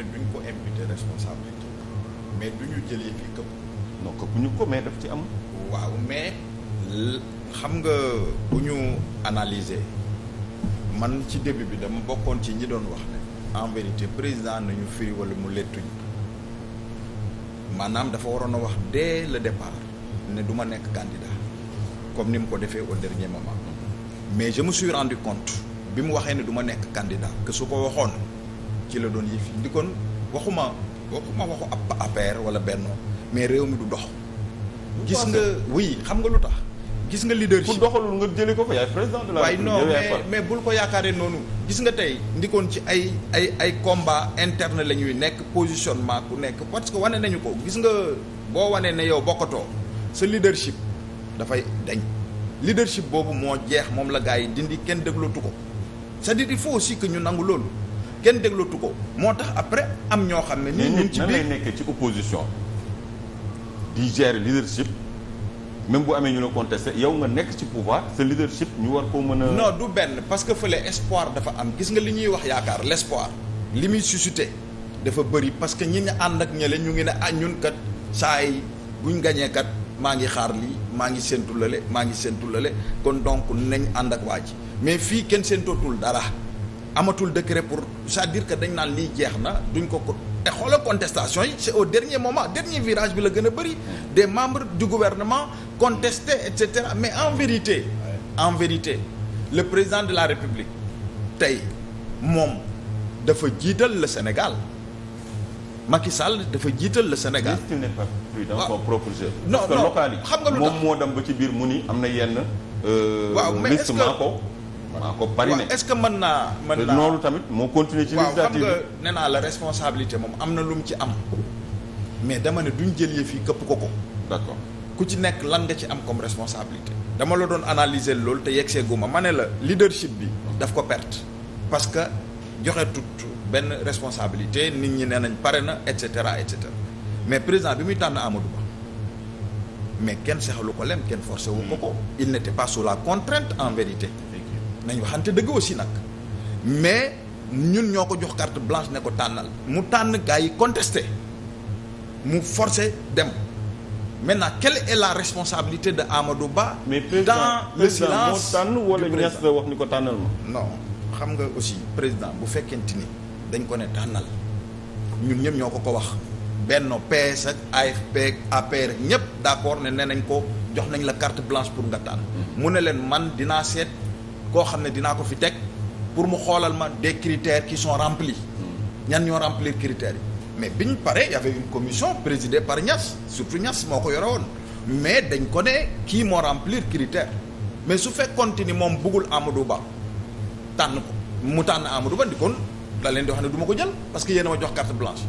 ne duñ ko imputer responsabilité mais du ñu jëlee fi këpp non këpp ñu ko mais daf ci am waaw mais xam nga bu ñu analyser man ci début bi dama bokkoon ci ñi doon wax ne en vérité président nañu firi wala mu lettuñ maanaam dafa waroon a wax dès le départ ne du ma nekk candidat comme ni mu ko defee au dernier moment mais je me suis compte bi mu waxee ne du ma nekk candidat que su ko waxoon ci la doon yëf yi di kon waxuma waxuma waxu ab APR wala Benno mais réew mi du dox. gis nga oui xam nga lu tax. gis nga leadership ku doxalul nga jëlee ko ko yaay président de la République non mais mais ko yaakaaree noonu. gis nga tey ndikoon ci ay ay ay combat interne la ñuy nekk positionnement ku nekk parce que wane nañu ko gis nga boo wanee ne yow bokkatoo sa leadership dafay dañ. leadership boobu moo jeex moom la gars yi dindi kenn déglootu ko sa à dire il faut aussi ñu nangu loolu. kenn déglootu ko moo tax après am ñoo xam ne. nii ñu ci biir nan lay nekkee ci opposition di gérer leadership même bu amee ñu ne contesté yow nga nekk ci pouvoir sa leadership ñu war koo mën a. noo du benn parce que fële espoir dafa am gis nga li ñuy wax yaakaar l' li muy suscité dafa bëri parce que ñi ñu ànd ak ñële ñu ngi ne ah ñun saa yi buñ gañee kat maa ngi xaar lii maa ngi séntu lale maa ngi séntu lale kon donc nañ ànd ak waa ji mais fii kenn séntootul dara. amatul décret pour c'est-à-dire que dañ naan lii jeex na duñ ko ko te xoolal contestation yi c'est au dernier moment dernier virage bi la gën a bëri des membres du gouvernement contestés et cetera mais en vérité en vérité le président de la République tey moom dafa jiital la Sénégal Macky Sall dafa jiital la Sénégal. tu n'es pas prudent dans son ah. propre jeu. non non parce moom moo dem ba ci biir mu ni am na yenn. Euh, waaw mais est ko. waaw ko bari ne est-ce que mën naa. mën naa noonu tamit moo continuer ci législative waaw xam responsabilité moom am na lu mu ci am. mais dama ne duñ jël yëf fii këpp ko ko. d'accord ku ci nekk lan nga ci am comme responsabilité. dama la doon analyser loolu te yegsee guma ma ne la leadership bi. daf ko perte. parce que joxe tut benn responsabilité nit ñi nee nañ pare na et cetera et mais président bi muy tànn Amadou Ba mais kenn sexalu ko lem kenn forcé wu ko ko. Hmm. il n'était pas sous la contrainte en vérité. nañ waxante dëgg aussi nag mais ñun ñoo ko jox carte blanche ne ko tànnal mu tànn gars yi mu forcé dem maintenant quelle est la responsabilité de Amadou Ba mais président, dans le silence moo tànn wala Niass la wax ni ko tànnal ma non xam nga aussi président bu fekkente ni dañ ko ne tànnal ñun ñëpp ñoo ko ko wax benno PS ak AFP ak APR ñëpp d'accord ne nee nañ ko jox nañ la carte blanche pour nga tànn mm. mu ne leen man dinaa seet koo xam ne dinaa ko fi teg pour mu xoolal ma des critères qui sont remplis ñan ñoo remplir critères yi mais biñ pare y avait une commission présider par Niass surtout Niass moo ko yore woon mais dañ ko ne kii moo remplir critère mais su fekkoon ni moom buggul Amadou Ba tànn ko mu tànn Amadou Ba di kon la leen di wax ne du ma ko jël parce que yéen a ma jox carte blanche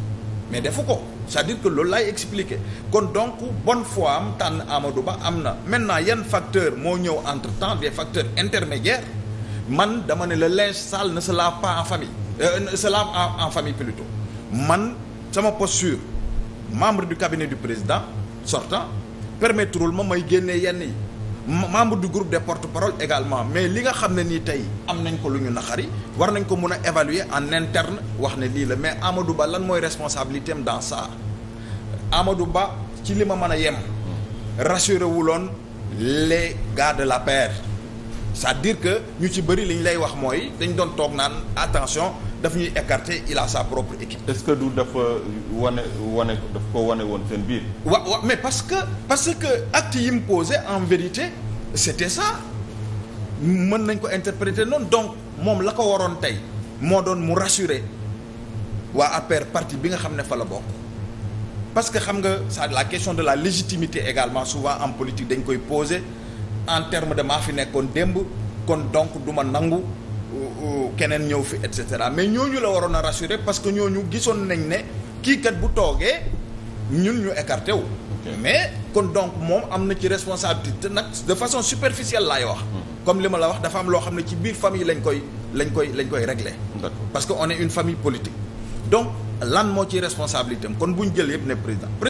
mais defu ko. ca à dire que loolu laay expliquer kon donc bonne foi am tànn Amadou Ba am na maintenant yan facteur moo ñëw entre temps des facteurs intermédiaires man dama ne le linge sale ne se lave pas en famille euh, se lave en, en famille plutôt man sama posture membre du cabinet du président sortant permettrewul ma may génne yenn yi membre du groupe des porte-parole également mais li nga xam ne nii tey am nañ ko lu ñu naxari war nañ ko mun a évaluer en interne wax ne lii la mais Amadou Ba lan mooy responsabilité am dans ça Amadou Ba ci li ma mën a yem rassuré wuloon les gars de la paire c'est-à-dire que ñu ci bëri li ñu lay wax mooy dañ doon toog naan attention daf ñuy écarter il a sa propre équipe. est-ce que du dafa wane wane daf ko wane woon seen biir. waaw waaw mais parce que parce que acte yi mu posé en vérité c'était ça mën nañ ko interpréter noonu donc moom la ko waroon tey moo doon mu rassurer waa APR parti bi nga xam ne fa la bokk. parce que xam nga ça la question de la légitimité également souvent en politique dañ koy poser en terme de maa fi nekkoon démb kon donc duma ma nangu euh, euh, keneen ñëw fi et cetera mais ñu la waroon a rassurer parce que ñoo ñu gisoon nañ ne kii kat bu toogee ñun ñu écarté wu. mais kon donc moom am na ci responsabilité nag de façon superficielle laay wax. Hmm. comme li ma la wax dafa am loo xam ne ci biir famille lañ koy lañ koy lañ koy régler. parce que on est une famille politique. donc lan moo ci responsabilité kon bu ñu jël yëpp ne président.